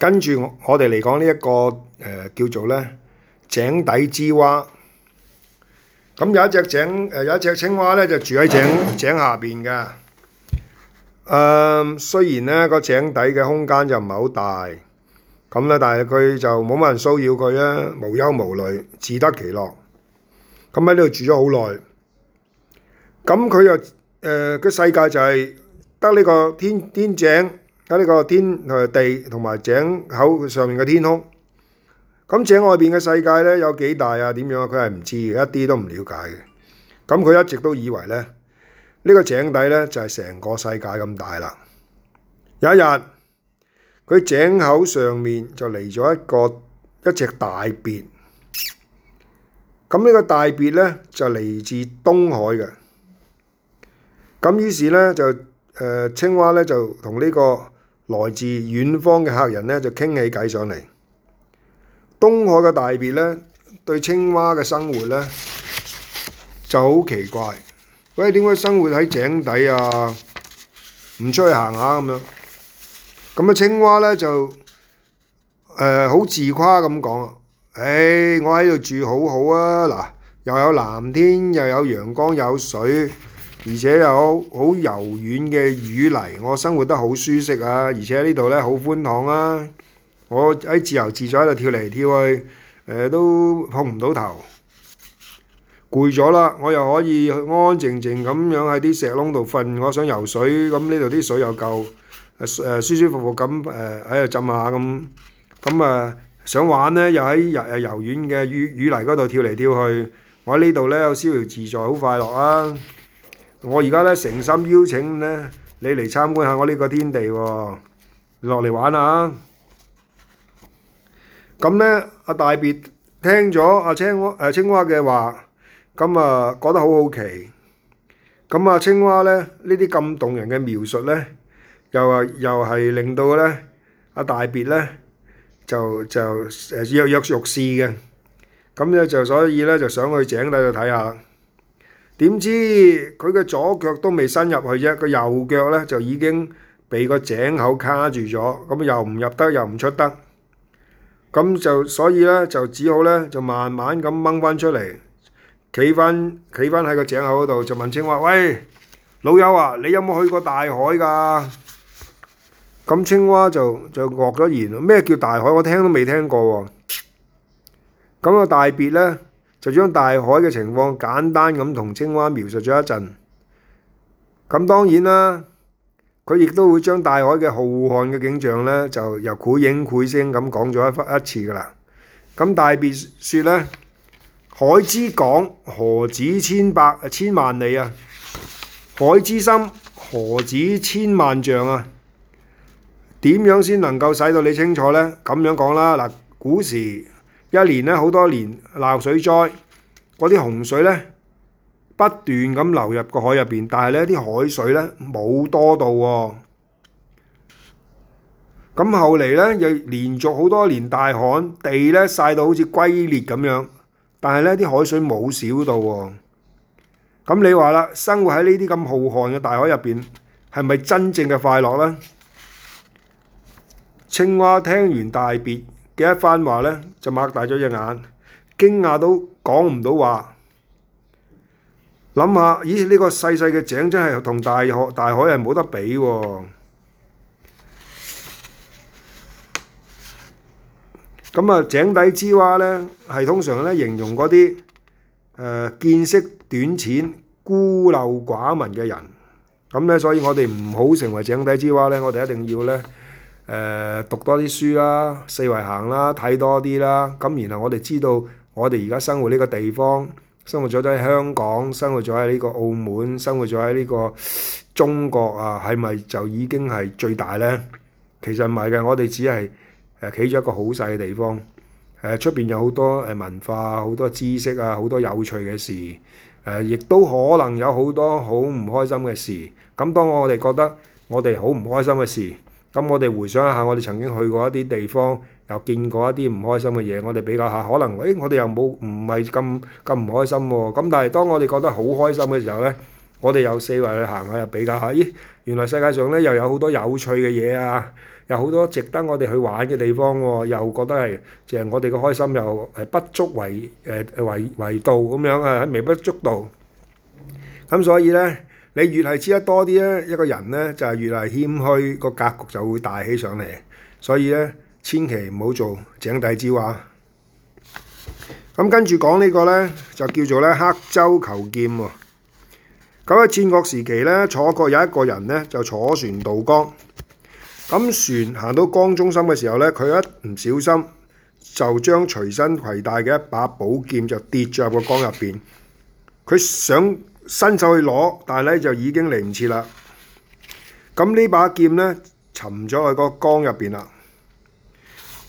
跟住我我哋嚟講呢一個誒叫做咧井底之蛙。咁有一隻井誒有一隻青蛙咧就住喺井井下邊嘅。誒雖然咧個井底嘅空間就唔係好大，咁咧但係佢就冇乜人騷擾佢啦，無憂無慮，自得其樂。咁喺呢度住咗好耐。咁佢就誒個世界就係得呢個天天井。喺呢個天誒地同埋井口上面嘅天空，咁井外面嘅世界咧有幾大啊？點樣啊？佢係唔知嘅，一啲都唔瞭解嘅。咁佢一直都以為咧，呢個井底咧就係成個世界咁大啦。有一日，佢井口上面就嚟咗一個一隻大鱉。咁呢個大鱉咧就嚟自東海嘅。咁於是咧就誒青蛙咧就同呢個。來自遠方嘅客人呢，就傾起偈上嚟。東海嘅大鱉呢，對青蛙嘅生活呢，就好奇怪。喂，點解生活喺井底啊？唔出去行下咁樣。咁啊，青蛙呢，就誒好、呃、自誇咁講啊！誒、哎，我喺度住好好啊！嗱，又有藍天又有陽光有水。而且又好好柔軟嘅淤泥，我生活得好舒適啊！而且呢度咧好寬敞啊。我喺自由自在喺度跳嚟跳去，誒、呃、都碰唔到頭。攰咗啦，我又可以安安靜靜咁樣喺啲石窿度瞓。我想游水，咁呢度啲水又夠誒、呃、舒舒服服咁誒喺度浸下咁。咁、嗯、啊、呃，想玩咧，又喺日柔軟嘅淤淤泥嗰度跳嚟跳去。我喺呢度咧，有逍遙自在，好快樂啊！我而家咧誠心邀請咧你嚟參觀下我呢個天地喎、哦，落嚟玩下，咁咧，阿、啊、大別聽咗阿、啊、青蛙誒、啊、青蛙嘅話，咁啊覺得好好奇。咁啊，青蛙咧呢啲咁動人嘅描述咧，又啊又係令到咧阿、啊、大別咧就就誒躍躍欲試嘅。咁、呃、咧就所以咧就想去井底度睇下。點知佢嘅左腳都未伸入去啫，個右腳咧就已經畀個井口卡住咗，咁又唔入得又唔出得，咁就所以咧就只好咧就慢慢咁掹翻出嚟，企翻企翻喺個井口嗰度就問青蛙：喂，老友啊，你有冇去過大海㗎？咁青蛙就就愕咗然，咩叫大海？我聽都未聽過喎、哦。咁、那、啊、個、大別咧。就將大海嘅情況簡單咁同青蛙描述咗一陣，咁當然啦，佢亦都會將大海嘅浩瀚嘅景象咧，就由繪影繪聲咁講咗一一次噶啦。咁大別説咧，海之廣何止千百千萬里啊，海之深何止千萬丈啊？點樣先能夠使到你清楚咧？咁樣講啦，嗱，古時。一年咧，好多年鬧水災，嗰啲洪水咧不斷咁流入個海入邊，但係咧啲海水咧冇多到喎、哦。咁、嗯、後嚟咧又連續好多年大旱，地咧曬到好似龜裂咁樣，但係咧啲海水冇少到喎、哦。咁、嗯、你話啦，生活喺呢啲咁浩瀚嘅大海入邊，係咪真正嘅快樂咧？青蛙聽完大別。有一番話咧，就擘大咗隻眼，驚訝到講唔到話，諗下，咦？呢個細細嘅井真係同大海，大海係冇得比喎。咁啊，井底之蛙咧，係通常咧形容嗰啲誒見識短淺、孤陋寡聞嘅人。咁咧，所以我哋唔好成為井底之蛙咧，我哋一定要咧。誒讀多啲書啦，四圍行啦，睇多啲啦。咁然後我哋知道，我哋而家生活呢個地方，生活咗喺香港，生活咗喺呢個澳門，生活咗喺呢個中國啊，係咪就已經係最大咧？其實唔係嘅，我哋只係誒企咗一個好細嘅地方。誒出邊有好多誒文化、好多知識啊，好多有趣嘅事。誒亦都可能有好多好唔開心嘅事。咁當我哋覺得我哋好唔開心嘅事。咁我哋回想一下，我哋曾經去過一啲地方，又見過一啲唔開心嘅嘢。我哋比較下，可能誒我哋又冇唔係咁咁唔開心喎。咁但係當我哋覺得好開心嘅時候咧，我哋又四圍去行下，又比較下，咦，原來世界上咧又有好多有趣嘅嘢啊，有好多值得我哋去玩嘅地方喎，又覺得係就係我哋嘅開心又係不足為誒為為道咁樣啊，喺微不足道。咁所以咧。你越係知得多啲咧，一個人咧就係越係謙虛，個格局就會大起上嚟。所以咧，千祈唔好做井底之蛙。咁跟住講呢個咧，就叫做咧黑舟求劍喎。咁喺戰國時期咧，楚國有一個人咧，就坐船渡江。咁船行到江中心嘅時候咧，佢一唔小心就將隨身攜帶嘅一把寶劍就跌咗入個江入邊。佢想伸手去攞，但係咧就已經嚟唔切啦。咁呢把劍咧沉咗喺個江入邊啦。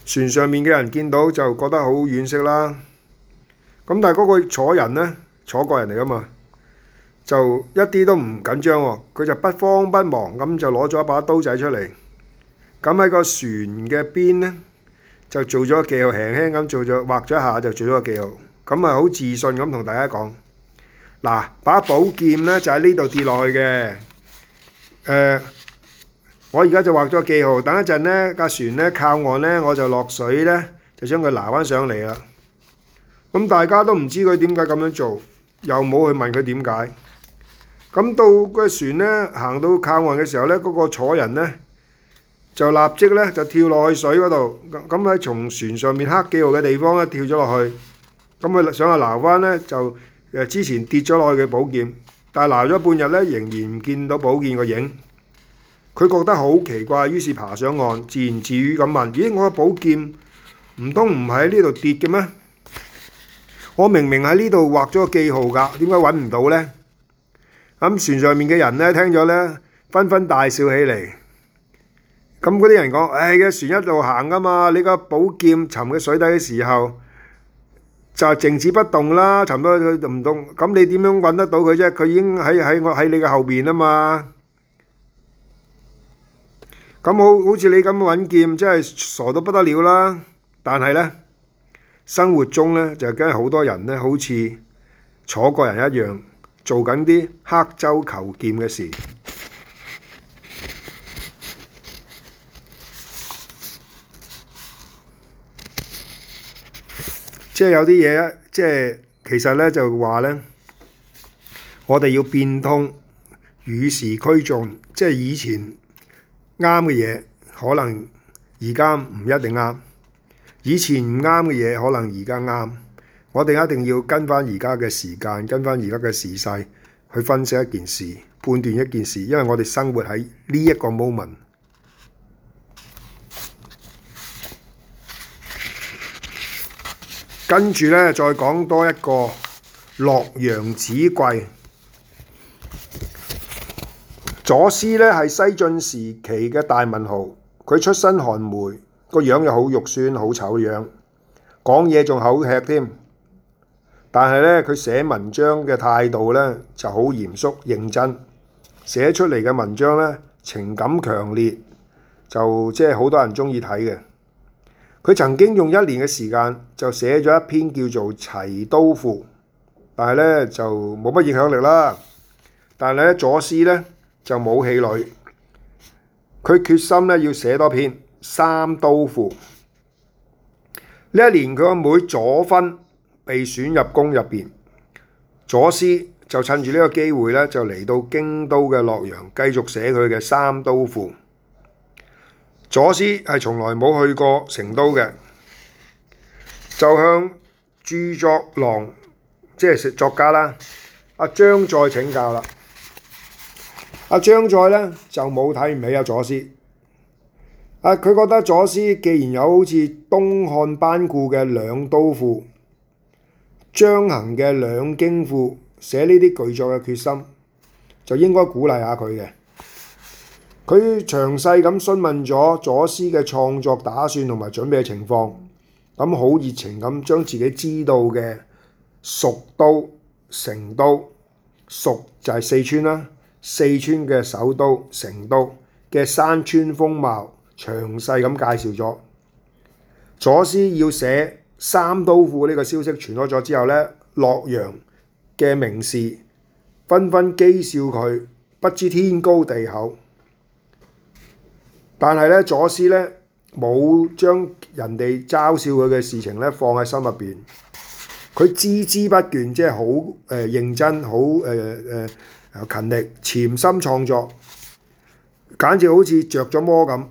船上面嘅人見到就覺得好惋惜啦。咁但係嗰個楚人咧，楚國人嚟噶嘛，就一啲都唔緊張喎、啊。佢就不慌不忙咁就攞咗一把刀仔出嚟。咁喺個船嘅邊咧，就做咗個記號，輕輕咁做咗劃咗一下就做咗個記號。咁啊好自信咁同大家講。嗱，把寶劍呢，就喺呢度跌落去嘅。誒，我而家就畫咗個記號，等一陣呢，架船呢,靠岸呢,我就落水呢，就將佢撈返上嚟啦。咁大家都唔知佢點解咁樣做，又冇去問佢點解。咁到個船呢，行到之前跌咗落去嘅寶劍，但係撈咗半日呢，仍然唔見到寶劍個影。佢覺得好奇怪，於是爬上岸，自言自語咁問：咦，我嘅寶劍唔通唔喺呢度跌嘅咩？我明明喺呢度畫咗個記號㗎，點解揾唔到呢？嗯」咁船上面嘅人呢，聽咗呢，紛紛大笑起嚟。咁嗰啲人講：唉、哎，隻船一路行啊嘛，你個寶劍沉喺水底嘅時候，就靜止不動啦，沉咗去佢就唔動。咁你點樣揾得到佢啫？佢已經喺喺我喺你嘅後邊吖嘛。咁好好似你咁揾劍，真係傻到不得了啦。但係咧，生活中咧就梗係好多人咧，好似楚國人一樣，做緊啲刻舟求劍嘅事。即係有啲嘢，即係其實咧就話咧，我哋要變通，與時俱進。即係以前啱嘅嘢，可能而家唔一定啱；以前唔啱嘅嘢，可能而家啱。我哋一定要跟翻而家嘅時間，跟翻而家嘅時勢去分析一件事，判斷一件事，因為我哋生活喺呢一個 moment。跟住咧，再講多一個洛陽紙貴。左思咧係西晉時期嘅大文豪，佢出身寒門，個樣又好肉酸，好醜樣，講嘢仲口吃添。但係咧，佢寫文章嘅態度咧就好嚴肅認真，寫出嚟嘅文章咧情感強烈，就即係好多人鍾意睇嘅。佢曾經用一年嘅時間就寫咗一篇叫做《齊都賦》，但係咧就冇乜影響力啦。但係咧左思咧就冇氣餒，佢決心咧要寫多篇《三都賦》。呢一年佢個妹左芬被選入宮入邊，左思就趁住呢個機會咧就嚟到京都嘅洛陽，繼續寫佢嘅《三都賦》。左思係從來冇去過成都嘅，就向著作郎，即係作家啦，阿張再請教啦。阿張再咧就冇睇唔起阿、啊、左思，佢、啊、覺得左思既然有好似東漢班固嘅《兩都賦》，張衡嘅《兩京賦》，寫呢啲巨作嘅決心，就應該鼓勵下佢嘅。佢詳細咁詢問咗左思嘅創作打算同埋準備情況，咁好熱情咁將自己知道嘅蜀都成都，蜀就係四川啦、啊，四川嘅首都成都嘅山川風貌，詳細咁介紹咗。左思要寫《三都賦》呢個消息傳開咗之後咧，洛陽嘅名士紛紛譏笑佢，不知天高地厚。但係咧，左思咧冇將人哋嘲笑佢嘅事情咧放喺心入邊。佢孜孜不倦，即係好誒認真，好誒誒勤力，潛心創作，簡直好似着咗魔咁。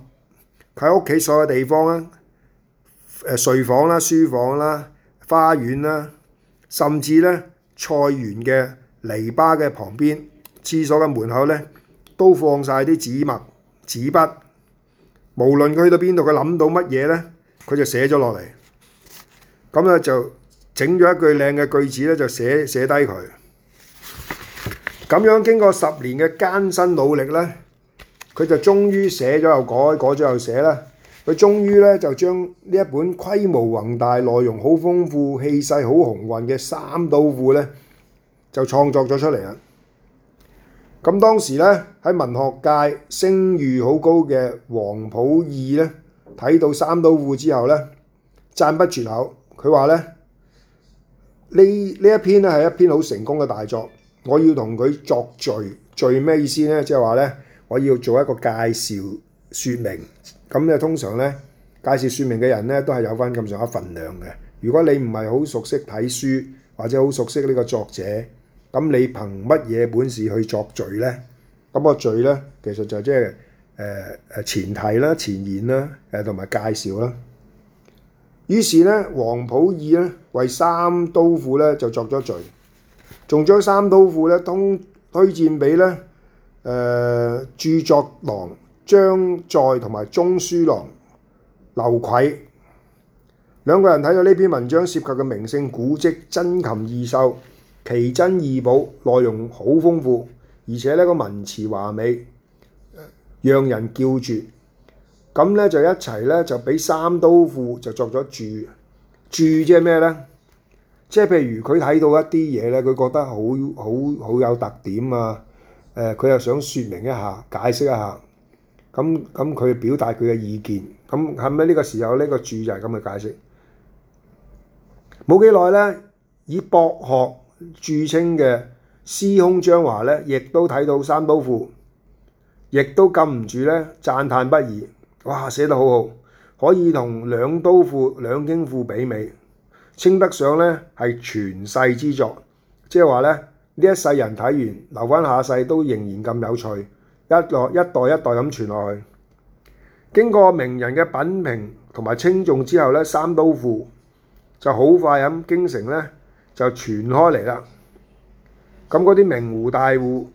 喺屋企所有地方啦，誒、呃、睡房啦、書房啦、花園啦，甚至咧菜園嘅泥巴嘅旁邊、廁所嘅門口咧，都放晒啲紙墨、紙筆。無論佢去到邊度，佢諗到乜嘢咧，佢就寫咗落嚟。咁咧就整咗一句靚嘅句子咧，就寫寫低佢。咁樣經過十年嘅艱辛努力咧，佢就終於寫咗又改，改咗又寫啦。佢終於咧就將呢一本規模宏大、內容好豐富、氣勢好雄渾嘅《三都賦》咧，就創作咗出嚟啊！咁當時咧，喺文學界聲譽好高嘅皇甫義咧，睇到《三都賦》之後咧，讚不絕口。佢話咧，呢呢一篇咧係一篇好成功嘅大作，我要同佢作序。序咩意思咧？即係話咧，我要做一個介紹説明。咁就通常咧，介紹説明嘅人咧，都係有翻咁上下份量嘅。如果你唔係好熟悉睇書或者好熟悉呢個作者。咁你憑乜嘢本事去作序咧？咁個序咧，其實就即係誒誒前提啦、前言啦，誒同埋介紹啦。於是咧，皇甫謐咧為三都賦咧就作咗序，仲將三都賦咧通推薦俾咧誒著作郎張載同埋中書郎劉逵兩個人，睇到呢篇文章涉及嘅名勝古蹟、珍禽異獸。奇珍異寶，內容好豐富，而且呢個文辭華美，讓人叫絕。咁呢就一齊呢，就俾三都賦就作咗注，注即係咩呢？即係譬如佢睇到一啲嘢呢，佢覺得好好好有特點啊！佢、呃、又想説明一下，解釋一下。咁咁佢表達佢嘅意見。咁係咪呢個時候呢個注就係咁嘅解釋？冇幾耐呢，以博學。著稱嘅司空張華咧，亦都睇到《三都賦》，亦都禁唔住咧，讚歎不已。哇，寫得好好，可以同《兩都賦》《兩京賦》媲美，稱得上咧係傳世之作。即係話咧，呢一世人睇完，留翻下世都仍然咁有趣，一落一代一代咁傳落去。經過名人嘅品評同埋稱重之後咧，《三都賦》就好快咁經成咧。就傳開嚟啦，咁嗰啲名戶大戶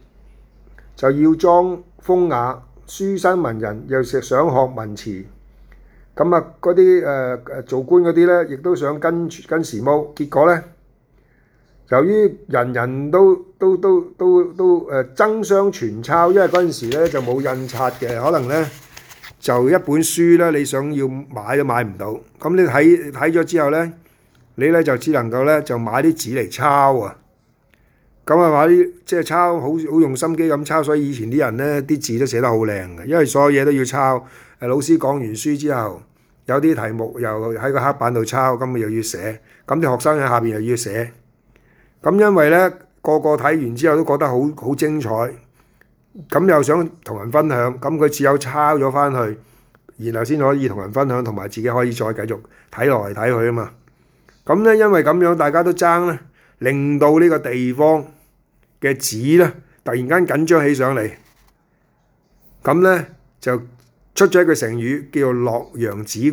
就要裝風雅，書生文人又想學文詞，咁啊嗰啲誒誒做官嗰啲咧，亦都想跟跟時髦。結果咧，由於人人都都都都都誒爭相傳抄，因為嗰陣時咧就冇印刷嘅，可能咧就一本書咧，你想要買都買唔到。咁你睇睇咗之後咧？你咧就只能夠咧就買啲紙嚟抄啊，咁啊買啲即係抄好好用心機咁抄，所以以前啲人咧啲字都寫得好靚嘅，因為所有嘢都要抄。欸老師講完書之後，有啲題目又喺個黑板度抄，咁啊又要寫，咁啲學生喺下邊又要寫。咁因為咧個個睇完之後都覺得好好精彩，咁又想同人分享，咁佢只有抄咗翻去，然後先可以同人分享，同埋自己可以再繼續睇來睇去啊嘛。咁咧，因為咁樣大家都爭咧，令到呢個地方嘅紙咧，突然間緊張起上嚟。咁咧就出咗一句成語，叫做《洛陽紙貴》。